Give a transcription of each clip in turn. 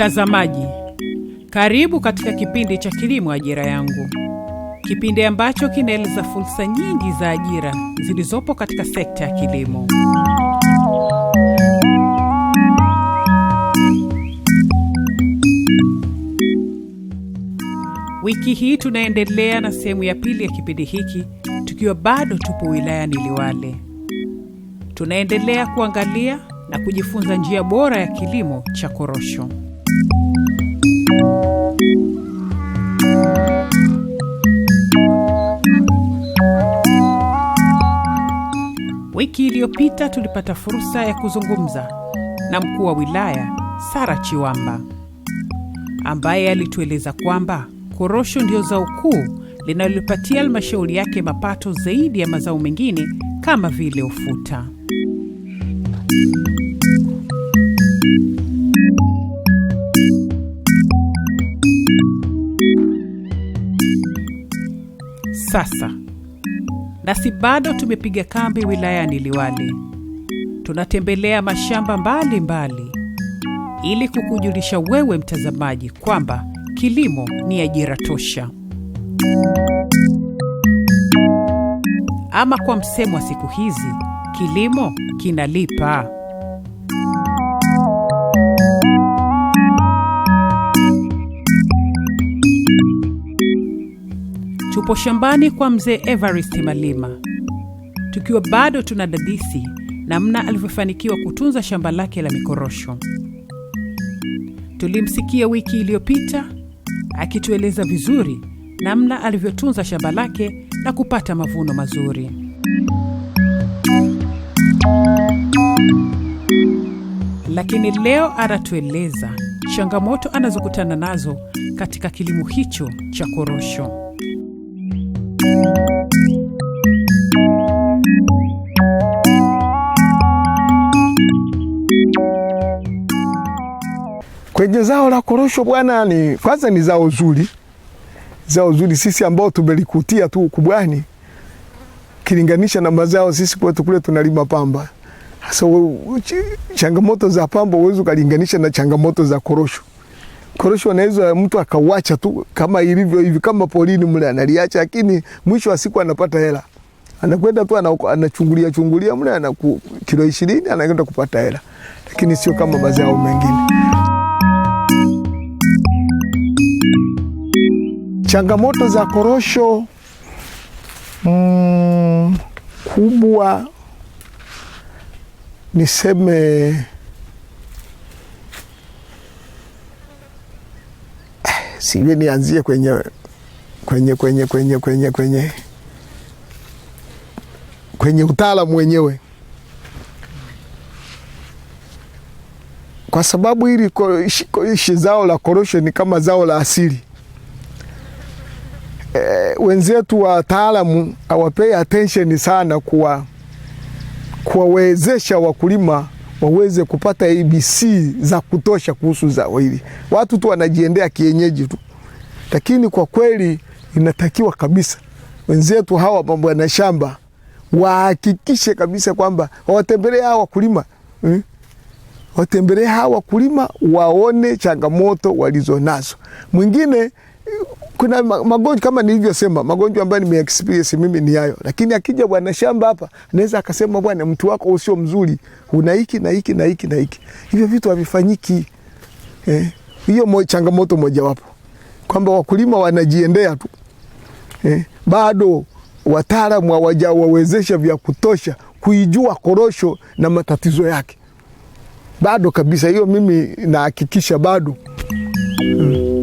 Mtazamaji, karibu katika kipindi cha Kilimo Ajira Yangu, kipindi ambacho kinaeleza fursa nyingi za ajira zilizopo katika sekta ya kilimo. Wiki hii tunaendelea na sehemu ya pili ya kipindi hiki, tukiwa bado tupo wilayani Liwale. Tunaendelea kuangalia na kujifunza njia bora ya kilimo cha korosho. Wiki iliyopita tulipata fursa ya kuzungumza na mkuu wa wilaya Sara Chiwamba ambaye alitueleza kwamba korosho ndio zao kuu linalopatia halmashauri yake mapato zaidi ya mazao mengine kama vile ufuta. Sasa nasi bado tumepiga kambi wilayani Liwale. Tunatembelea mashamba mbalimbali mbali, ili kukujulisha wewe mtazamaji kwamba kilimo ni ajira tosha. Ama kwa msemo wa siku hizi, kilimo kinalipa. Tupo shambani kwa mzee Evarist Malima, tukiwa bado tuna dadisi namna alivyofanikiwa kutunza shamba lake la mikorosho. Tulimsikia wiki iliyopita akitueleza vizuri namna alivyotunza shamba lake na kupata mavuno mazuri. Lakini leo anatueleza changamoto anazokutana nazo katika kilimo hicho cha korosho. Kwenye zao la korosho bwana, ni kwanza ni zao zuri, zao zuri sisi ambao tumelikutia tu ukubwani, kilinganisha na mazao sisi kwetu kule tunalima pamba. Sasa changamoto za pamba uwezo kalinganisha na changamoto za korosho korosho anaweza mtu akauacha tu kama ilivyo hivi, kama polini mle analiacha, lakini mwisho wa siku anapata hela, anakwenda tu anachungulia chungulia mle ana kilo ishirini anakwenda kupata hela, lakini sio kama mazao mengine. Changamoto za korosho mm, kubwa niseme sijui nianzie kwenye kwenye kwenye kwenye kwenye kwenye kwenye utaalamu wenyewe, kwa sababu hili ishi zao la korosho ni kama zao la asili. E, wenzetu wataalamu hawapei attention sana kuwa kuwawezesha wakulima waweze kupata ABC za kutosha kuhusu zao hili. Watu tu wanajiendea kienyeji tu, lakini kwa kweli inatakiwa kabisa wenzetu hawa mabwana shamba wahakikishe kabisa kwamba watembelee hawa wakulima hmm? Eh? watembelee hawa wakulima waone changamoto walizonazo. Mwingine kuna magonjwa kama nilivyosema, magonjwa ambayo nime experience mimi ni hayo, lakini akija bwana shamba hapa anaweza akasema, bwana, mtu wako usio mzuri, una hiki na hiki na hiki na hiki. Hivyo vitu havifanyiki. Eh, hiyo mo, changamoto mojawapo kwamba wakulima wanajiendea tu eh, bado wataalamu hawajawawezesha vya kutosha kuijua korosho na matatizo yake, bado kabisa. Hiyo mimi nahakikisha bado hmm.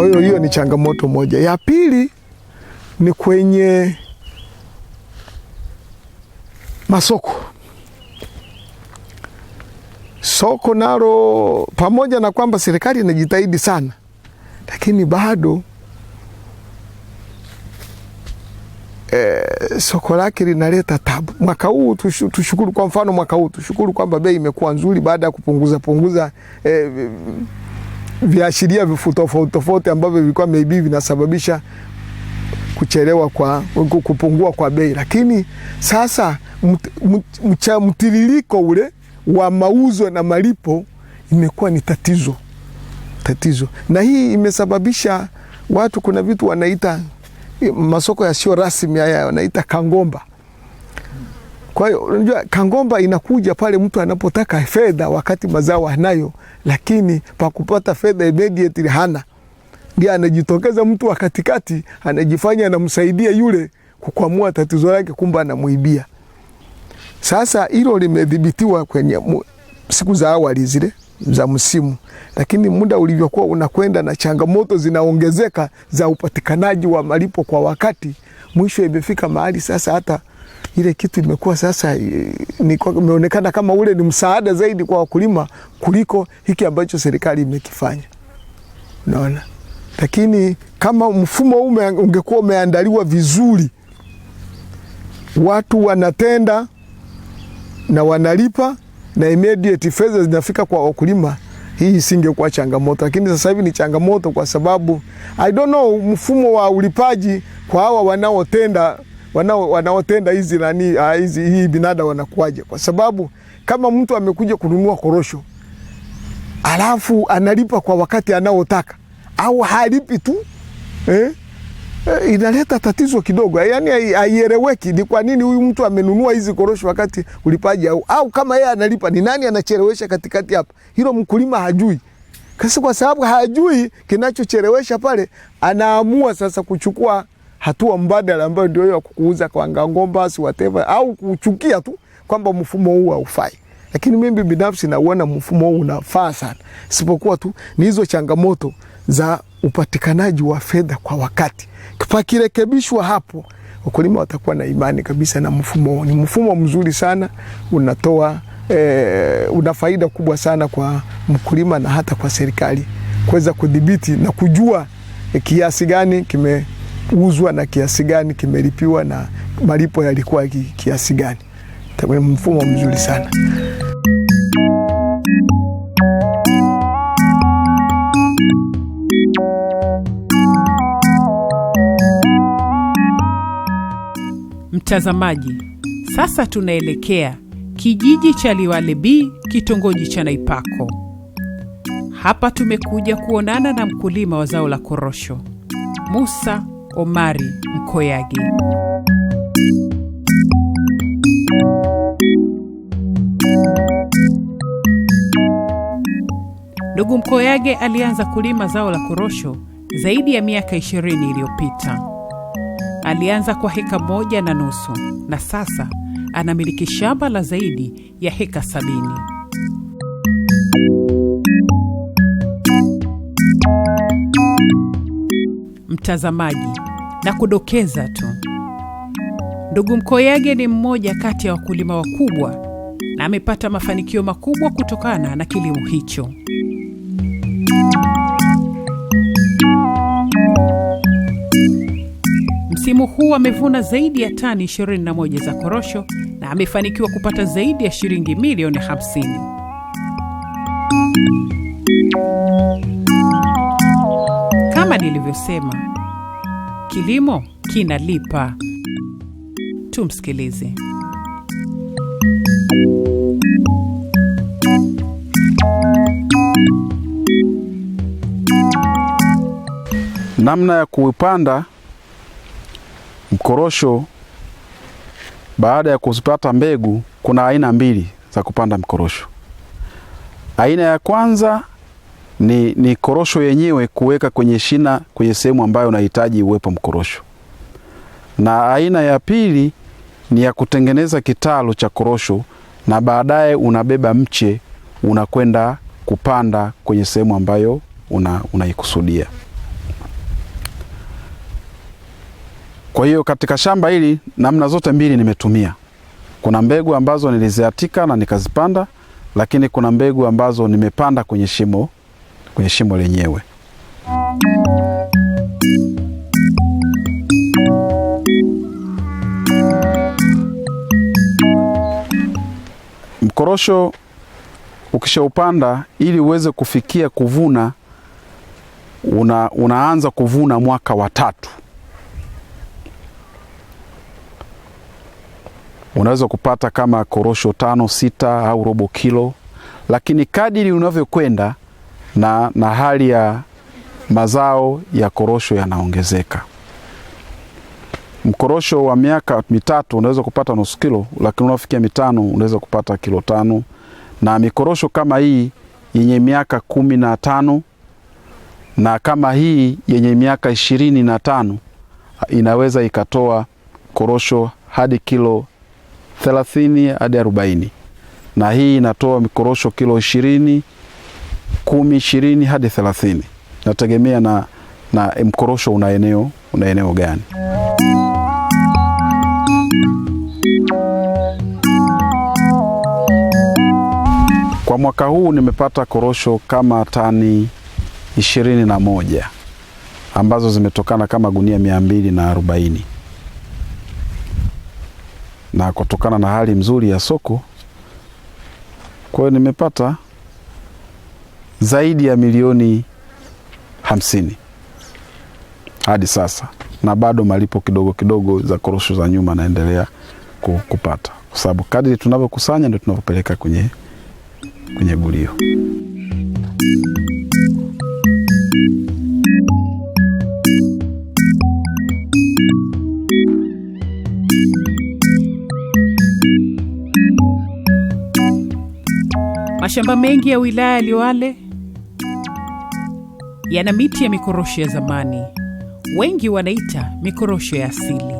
Kwa hiyo hiyo ni changamoto moja. Ya pili ni kwenye masoko. Soko nalo pamoja na kwamba serikali inajitahidi sana, lakini bado e, soko lake linaleta tabu. Mwaka huu tushukuru, kwa mfano mwaka huu tushukuru kwamba bei imekuwa nzuri baada ya kupunguza punguza e, viashiria tofauti tofauti ambavyo vilikuwa maybe vinasababisha kuchelewa kwa kupungua kwa bei, lakini sasa mtiririko ule wa mauzo na malipo imekuwa ni tatizo tatizo, na hii imesababisha watu, kuna vitu wanaita masoko yasiyo rasmi haya wanaita kangomba. Kwa hiyo unajua kangomba inakuja pale mtu anapotaka fedha wakati mazao anayo, lakini pa kupata fedha immediate hana, Ndio anajitokeza mtu wa katikati, anajifanya anamsaidia yule kukwamua tatizo lake, kumbe anamwibia. Sasa hilo limedhibitiwa kwenye siku za awali zile za msimu, lakini muda ulivyokuwa unakwenda na changamoto zinaongezeka za upatikanaji wa malipo kwa wakati, mwisho imefika mahali sasa hata ile kitu imekuwa sasa eh, imeonekana kama ule ni msaada zaidi kwa wakulima kuliko hiki ambacho serikali imekifanya, unaona. Lakini kama mfumo huu ungekuwa umeandaliwa vizuri, watu wanatenda na wanalipa na immediate fedha zinafika kwa wakulima, hii isingekuwa changamoto. Lakini sasa hivi ni changamoto, kwa sababu I don't know mfumo wa ulipaji kwa hawa wanaotenda wanao wanaotenda hizi nani ah, hizi hii binada wanakuaje? Kwa sababu kama mtu amekuja kununua korosho alafu analipa kwa wakati anaotaka au halipi tu eh? Eh, inaleta tatizo kidogo, yaani haieleweki ni kwa nini huyu mtu amenunua hizi korosho wakati ulipaji au, au kama yeye analipa ni nani anachelewesha katikati hapa? Hilo mkulima hajui. Kasi kwa sababu hajui kinachochelewesha pale, anaamua sasa kuchukua hatua mbadala ambayo ndio hiyo kukuuza kwa ngangomba si whatever, au kuchukia tu kwamba mfumo huu haufai. Lakini mimi binafsi nauona mfumo huu unafaa sana, sipokuwa tu ni hizo changamoto za upatikanaji wa fedha kwa wakati. Pakirekebishwa hapo, wakulima watakuwa na imani kabisa na mfumo huu. Ni mfumo mzuri sana, unatoa e, una faida kubwa sana kwa mkulima na hata kwa serikali kuweza kudhibiti na kujua e, kiasi gani kime kimeuzwa na kiasi gani, kimelipiwa na malipo yalikuwa kiasi gani. Mfumo mzuri sana. Mtazamaji, sasa tunaelekea kijiji cha Liwale B, kitongoji cha Naipako. Hapa tumekuja kuonana na mkulima wa zao la korosho Musa Omari Mkoyagi. Ndugu Mkoyage alianza kulima zao la korosho zaidi ya miaka ishirini iliyopita. Alianza kwa heka moja na nusu na sasa anamiliki shamba la zaidi ya heka sabini. mtazamaji, na kudokeza tu, ndugu Mkoyage ni mmoja kati ya wakulima wakubwa na amepata mafanikio makubwa kutokana na kilimo hicho. Msimu huu amevuna zaidi ya tani 21 za korosho na amefanikiwa kupata zaidi ya shilingi milioni 50. Kama nilivyosema, Kilimo kinalipa. Tumsikilize. Namna ya kuipanda mkorosho baada ya kuzipata mbegu, kuna aina mbili za kupanda mkorosho. Aina ya kwanza ni, ni korosho yenyewe kuweka kwenye shina kwenye sehemu ambayo unahitaji uwepo mkorosho, na aina ya pili ni ya kutengeneza kitalo cha korosho na baadaye unabeba mche unakwenda kupanda kwenye sehemu ambayo una, unaikusudia. Kwa hiyo katika shamba hili namna zote mbili nimetumia. Kuna mbegu ambazo niliziatika na nikazipanda, lakini kuna mbegu ambazo nimepanda kwenye shimo kwenye shimo lenyewe. Mkorosho ukishaupanda ili uweze kufikia kuvuna una, unaanza kuvuna mwaka wa tatu, unaweza kupata kama korosho tano sita au robo kilo, lakini kadiri unavyokwenda na, na hali ya mazao ya korosho yanaongezeka. Mkorosho wa miaka mitatu unaweza kupata nusu kilo, lakini unafikia mitano unaweza kupata kilo tano, na mikorosho kama hii yenye miaka kumi na tano na kama hii yenye miaka ishirini na tano inaweza ikatoa korosho hadi kilo thelathini hadi arobaini na hii inatoa mikorosho kilo ishirini kumi, ishirini hadi thelathini, nategemea na, na mkorosho una eneo una eneo gani. Kwa mwaka huu nimepata korosho kama tani ishirini na moja ambazo zimetokana kama gunia mia mbili na arobaini na kutokana na hali mzuri ya soko, kwa hiyo nimepata zaidi ya milioni hamsini hadi sasa, na bado malipo kidogo kidogo za korosho za nyuma naendelea kupata, kwa sababu kadri tunavyokusanya ndio tunavyopeleka kwenye, kwenye gulio. Mashamba mengi ya wilaya ya Liwale yana miti ya mikorosho ya zamani, wengi wanaita mikorosho ya asili,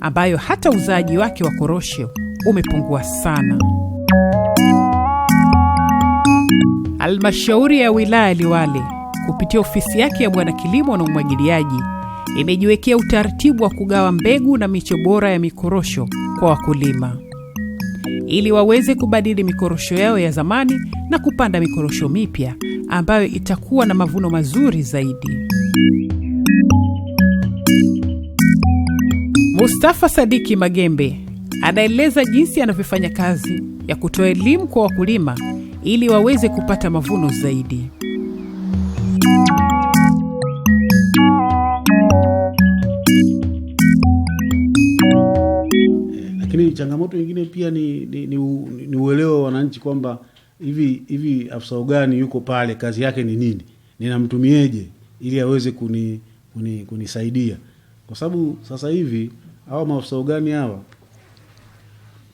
ambayo hata uzaaji wake wa korosho umepungua sana. almashauri ya wilaya Liwale kupitia ofisi yake ya bwana kilimo na umwagiliaji imejiwekea utaratibu wa kugawa mbegu na miche bora ya mikorosho kwa wakulima ili waweze kubadili mikorosho yao ya zamani na kupanda mikorosho mipya ambayo itakuwa na mavuno mazuri zaidi. Mustafa Sadiki Magembe anaeleza jinsi anavyofanya kazi ya kutoa elimu kwa wakulima ili waweze kupata mavuno zaidi. Lakini changamoto nyingine pia ni, ni, ni, ni uelewa wa wananchi kwamba hivi hivi, afisa ugani yuko pale, kazi yake ni nini? Ninamtumieje ili aweze kuni, kuni, kunisaidia? Kwa sababu sasa hivi hawa maafisa ugani hawa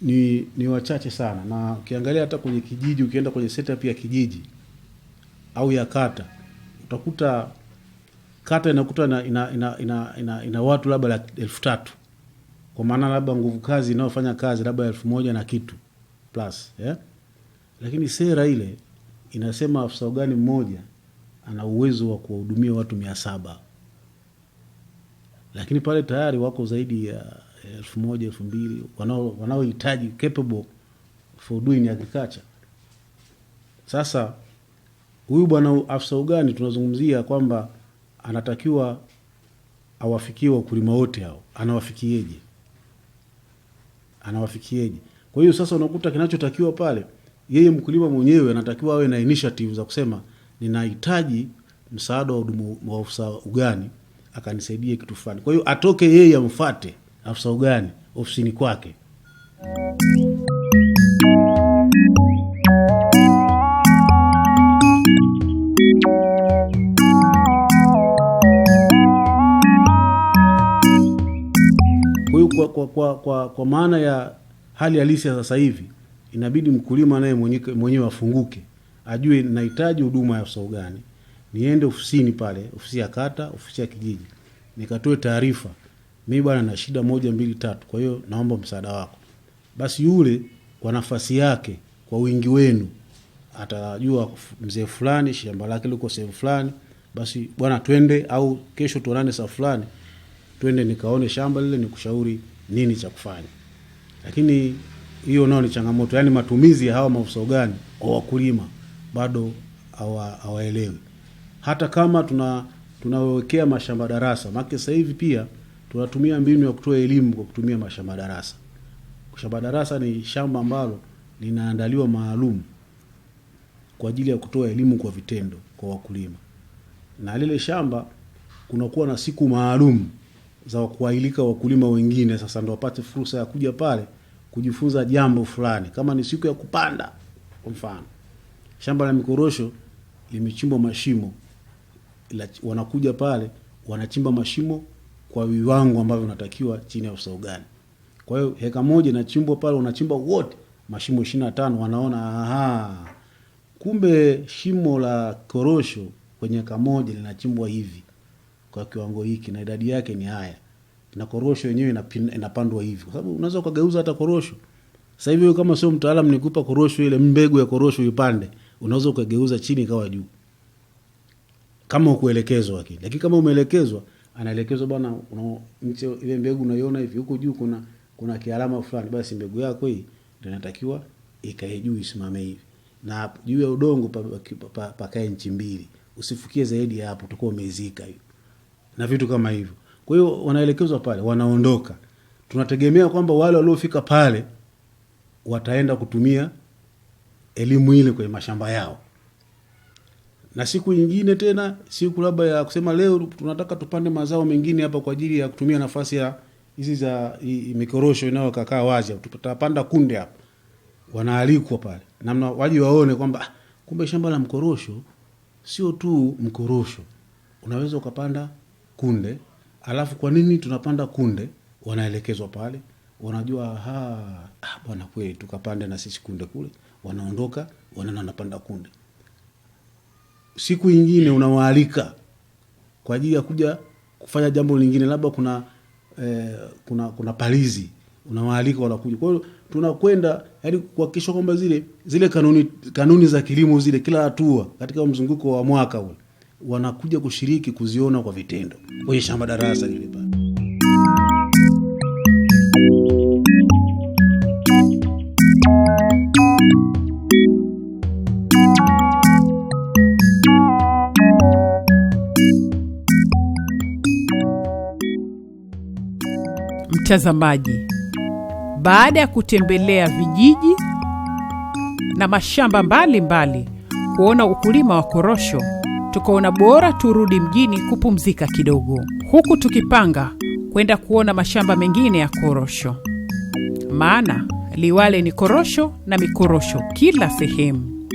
ni, ni wachache sana, na ukiangalia hata kwenye kijiji, ukienda kwenye setup ya kijiji au ya kata utakuta kata inakuta ina, ina, ina, ina, ina, ina watu labda elfu tatu kwa maana labda nguvu kazi inayofanya kazi labda elfu moja na kitu plus yeah? Lakini sera ile inasema afisa ugani mmoja ana uwezo wa kuwahudumia watu mia saba lakini pale tayari wako zaidi ya elfu moja elfu mbili wanaohitaji capable for doing agriculture. Sasa huyu bwana afisa ugani tunazungumzia kwamba anatakiwa awafikie wakulima wote hao, anawafikieje? Anawafikieje? Kwa hiyo sasa unakuta kinachotakiwa pale yeye mkulima mwenyewe anatakiwa awe na initiative za kusema ninahitaji msaada wa hudumu wa ofisa ugani akanisaidie kitu fulani. Kwa hiyo atoke yeye amfuate afisa ugani ofisini kwake. Kwa kwa, kwa, kwa, kwa maana ya hali halisi ya sasa hivi inabidi mkulima naye mwenyewe mwenye afunguke, ajue nahitaji huduma ya usao gani, niende ofisini pale, ofisi ya kata, ofisi ya kijiji, nikatoe taarifa, mi bwana na shida moja mbili tatu, kwa hiyo naomba msaada wako. Basi yule kwa nafasi yake, kwa wingi wenu, atajua mzee fulani shamba lake liko sehemu fulani, basi bwana, twende au kesho tuonane saa fulani, twende nikaone shamba lile, nikushauri nini cha kufanya, lakini hiyo nao ni changamoto, yaani matumizi ya hawa maafisa ugani kwa wakulima bado hawaelewi, hata kama tuna tunawekea mashamba darasa. Maana sasa hivi pia tunatumia mbinu ya kutoa elimu kwa kutumia mashamba darasa. Shamba darasa ni shamba ambalo linaandaliwa maalum kwa ajili ya kutoa elimu kwa vitendo kwa wakulima, na lile shamba kunakuwa na siku maalum za kuwailika wakulima wengine, sasa ndo wapate fursa ya kuja pale kujifunza jambo fulani, kama ni siku ya kupanda. Kwa mfano, shamba la mikorosho limechimbwa mashimo, wanakuja pale wanachimba mashimo kwa viwango ambavyo unatakiwa chini ya usao gani. Kwa hiyo heka moja inachimbwa pale, unachimba wote mashimo 25 Wanaona aha, kumbe shimo la korosho kwenye heka moja linachimbwa hivi kwa kiwango hiki na idadi yake ni haya na korosho yenyewe inapandwa hivi kwa sababu unaweza ukageuza hata korosho. Sasa hivi kama sio mtaalamu nikupa korosho ile mbegu ya korosho ipande, unaweza ukageuza chini ikawa juu kama ukuelekezwa lakini, lakini kama umeelekezwa, anaelekezwa bwana, mche ile mbegu unaiona hivi, huko juu kuna kuna kialama fulani, basi mbegu yako hii ndio inatakiwa ikae juu, isimame hivi, na juu ya udongo pakae pa, pa, pa, pa nchi mbili, usifukie zaidi ya hapo, utakuwa umezika hiyo na vitu kama hivyo. Kwa hiyo wanaelekezwa pale, wanaondoka. Tunategemea kwamba wale waliofika pale wataenda kutumia elimu ile kwenye mashamba yao, na siku nyingine tena, siku labda ya kusema leo tunataka tupande mazao mengine hapa kwa ajili ya kutumia nafasi ya hizi za mikorosho inayokakaa wazi, tutapanda kunde hapa. Wanaalikwa pale namna waji waone kwamba ah, kumbe shamba la mkorosho sio tu mkorosho, unaweza ukapanda kunde Alafu kwa nini tunapanda kunde? Wanaelekezwa pale, wanajua ha, ah, bwana kweli tukapande na sisi kunde kule. Wanaondoka wanana wanapanda kunde. Siku ingine unawaalika kwa ajili ya kuja kufanya jambo lingine, labda kuna eh, kuna kuna palizi unawaalika wanakuja. Kwa hiyo tunakwenda yaani kuhakikisha kwamba zile zile kanuni kanuni za kilimo zile kila hatua katika mzunguko wa mwaka ule wanakuja kushiriki kuziona kwa vitendo kwenye shamba darasa lile pale. Mtazamaji, baada ya kutembelea vijiji na mashamba mbalimbali mbali, kuona ukulima wa korosho tukaona bora turudi mjini kupumzika kidogo, huku tukipanga kwenda kuona mashamba mengine ya korosho, maana Liwale ni korosho na mikorosho kila sehemu.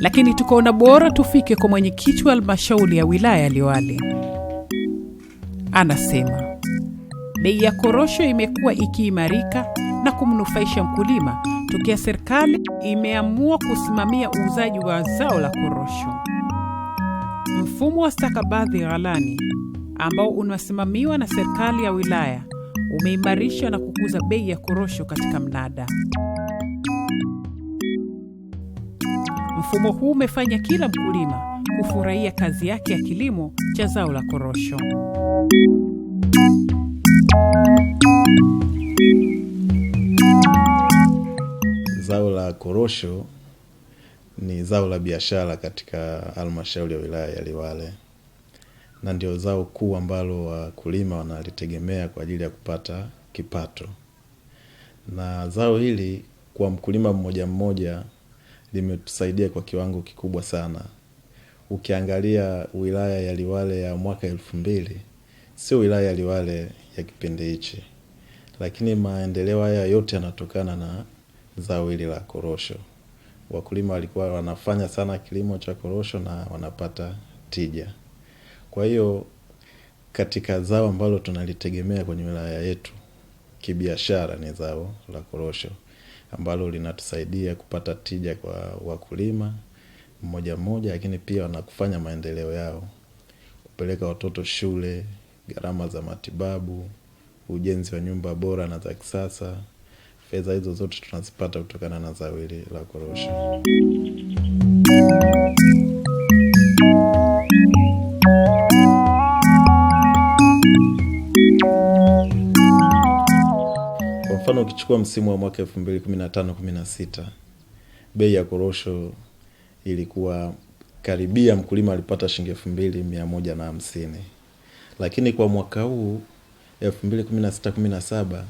Lakini tukaona bora tufike kwa mwenyekiti wa halmashauri ya wilaya ya Liwale. Anasema bei ya korosho imekuwa ikiimarika na kumnufaisha mkulima, tokea serikali imeamua kusimamia uuzaji wa zao la korosho. Mfumo wa stakabadhi ghalani ambao unasimamiwa na serikali ya wilaya umeimarisha na kukuza bei ya korosho katika mnada. Mfumo huu umefanya kila mkulima kufurahia kazi yake ya kilimo cha zao la korosho. zao la korosho ni zao la biashara katika halmashauri ya wilaya ya Liwale na ndio zao kuu ambalo wakulima wanalitegemea kwa ajili ya kupata kipato. Na zao hili kwa mkulima mmoja mmoja limetusaidia kwa kiwango kikubwa sana. Ukiangalia wilaya ya Liwale ya mwaka elfu mbili sio wilaya ya Liwale ya kipindi hichi, lakini maendeleo haya yote yanatokana na zao hili la korosho. Wakulima walikuwa wanafanya sana kilimo cha korosho na wanapata tija. Kwa hiyo katika zao ambalo tunalitegemea kwenye wilaya yetu kibiashara ni zao la korosho ambalo linatusaidia kupata tija kwa wakulima mmoja mmoja, lakini pia wanakufanya maendeleo yao, kupeleka watoto shule, gharama za matibabu, ujenzi wa nyumba bora na za kisasa fedha hizo zote tunazipata kutokana na zawili la korosho. Kwa mfano ukichukua msimu wa mwaka elfu mbili kumi na tano kumi na sita bei ya korosho ilikuwa karibia, mkulima alipata shilingi elfu mbili mia moja na hamsini lakini kwa mwaka huu elfu mbili kumi na sita kumi na saba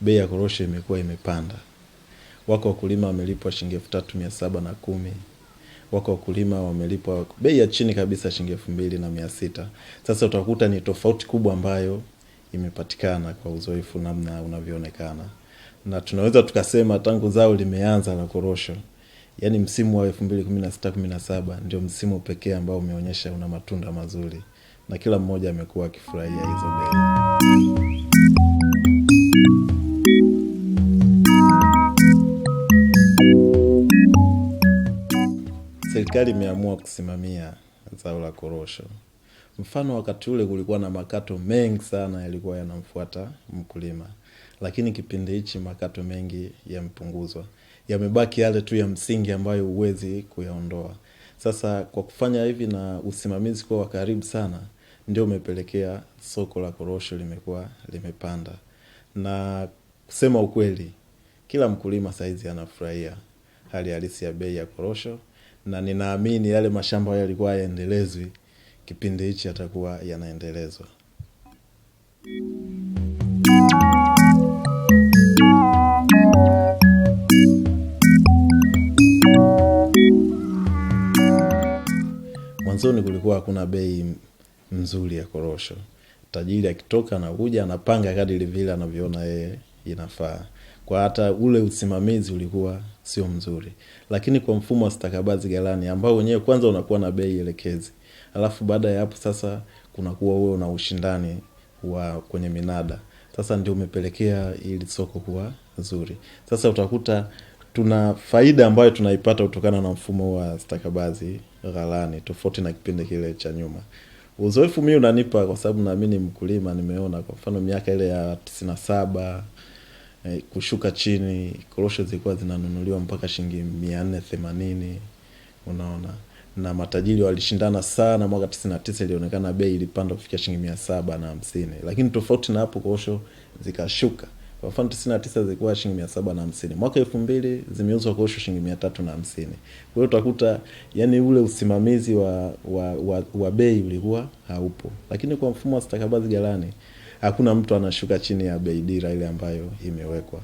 bei ya korosho imekuwa imepanda. Wako wakulima wamelipwa shilingi elfu tatu mia saba na kumi wako wakulima wamelipwa bei ya chini kabisa shilingi elfu mbili na mia sita Sasa utakuta ni tofauti kubwa ambayo imepatikana kwa uzoefu namna unavyoonekana, na tunaweza tukasema tangu zao limeanza la korosho, yani msimu wa elfu mbili kumi na sita kumi na saba ndio msimu pekee ambao umeonyesha una matunda mazuri, na kila mmoja amekuwa akifurahia hizo bei. serikali imeamua kusimamia zao la korosho. Mfano wakati ule kulikuwa na makato mengi sana yalikuwa yanamfuata mkulima. Lakini kipindi hichi makato mengi yamepunguzwa. Yamebaki yale tu ya msingi ambayo huwezi kuyaondoa. Sasa kwa kufanya hivi na usimamizi kuwa wa karibu sana, ndio umepelekea soko la korosho limekuwa limepanda. Na kusema ukweli, kila mkulima saizi anafurahia hali halisi ya bei ya korosho na ninaamini yale mashamba yalikuwa yaendelezwi, kipindi hichi yatakuwa yanaendelezwa. Mwanzoni kulikuwa hakuna bei nzuri ya korosho. Tajiri akitoka anakuja anapanga kadili vile anavyoona yeye inafaa kwa hata ule usimamizi ulikuwa sio mzuri, lakini kwa mfumo wa stakabadhi galani ambao wenyewe kwanza unakuwa na bei elekezi, alafu baada ya hapo sasa kunakuwa wewe una ushindani wa kwenye minada, sasa ndio umepelekea ili soko kuwa nzuri. Sasa utakuta tuna faida ambayo tunaipata kutokana na mfumo wa stakabadhi ghalani tofauti na kipindi kile cha nyuma. Uzoefu mi unanipa kwa sababu naamini mkulima, nimeona kwa mfano miaka ile ya tisini saba Eh, kushuka chini, korosho zilikuwa zinanunuliwa mpaka shilingi mia nne themanini unaona na matajiri walishindana sana. Mwaka tisini na tisa ilionekana bei ilipanda kufikia shilingi mia saba na hamsini lakini tofauti na hapo korosho zikashuka. Kwa mfano tisini na tisa zilikuwa shilingi mia saba na hamsini mwaka elfu mbili zimeuzwa korosho shilingi mia tatu na hamsini Kwa hiyo utakuta yani ule usimamizi wa, wa, wa, wa bei ulikuwa haupo, lakini kwa mfumo wa stakabadhi galani hakuna mtu anashuka chini ya beidira ile ambayo imewekwa.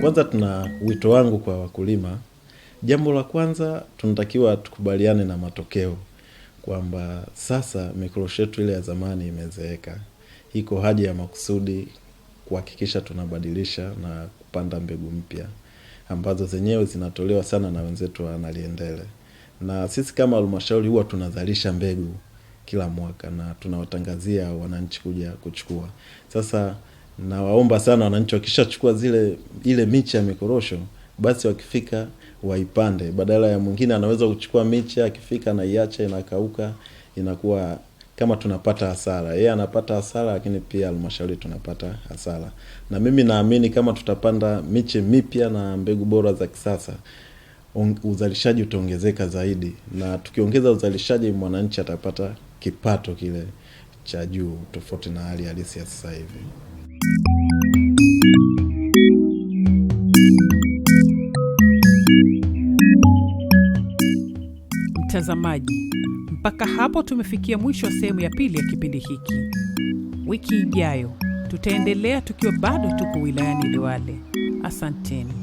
Kwanza tuna wito wangu kwa wakulima. Jambo la kwanza tunatakiwa tukubaliane na matokeo kwamba sasa mikorosho yetu ile ya zamani imezeeka, iko haja ya makusudi kuhakikisha tunabadilisha na kupanda mbegu mpya ambazo zenyewe zinatolewa sana na wenzetu wa Naliendele. Na sisi kama halmashauri huwa tunazalisha mbegu kila mwaka na tunawatangazia wananchi kuja kuchukua. Sasa nawaomba sana wananchi wakishachukua zile ile miche ya mikorosho basi wakifika waipande. Badala ya mwingine anaweza kuchukua miche akifika iacha inakauka inakuwa kama tunapata hasara, yeye anapata hasara, lakini pia halmashauri tunapata hasara. Na mimi naamini kama tutapanda miche mipya na mbegu bora za kisasa, uzalishaji utaongezeka zaidi, na tukiongeza uzalishaji, mwananchi atapata kipato kile cha juu, tofauti na hali halisi ya sasa hivi. Mtazamaji mpaka hapo tumefikia mwisho wa sehemu ya pili ya kipindi hiki. Wiki ijayo tutaendelea tukiwa bado tuko wilayani Liwale. Asanteni.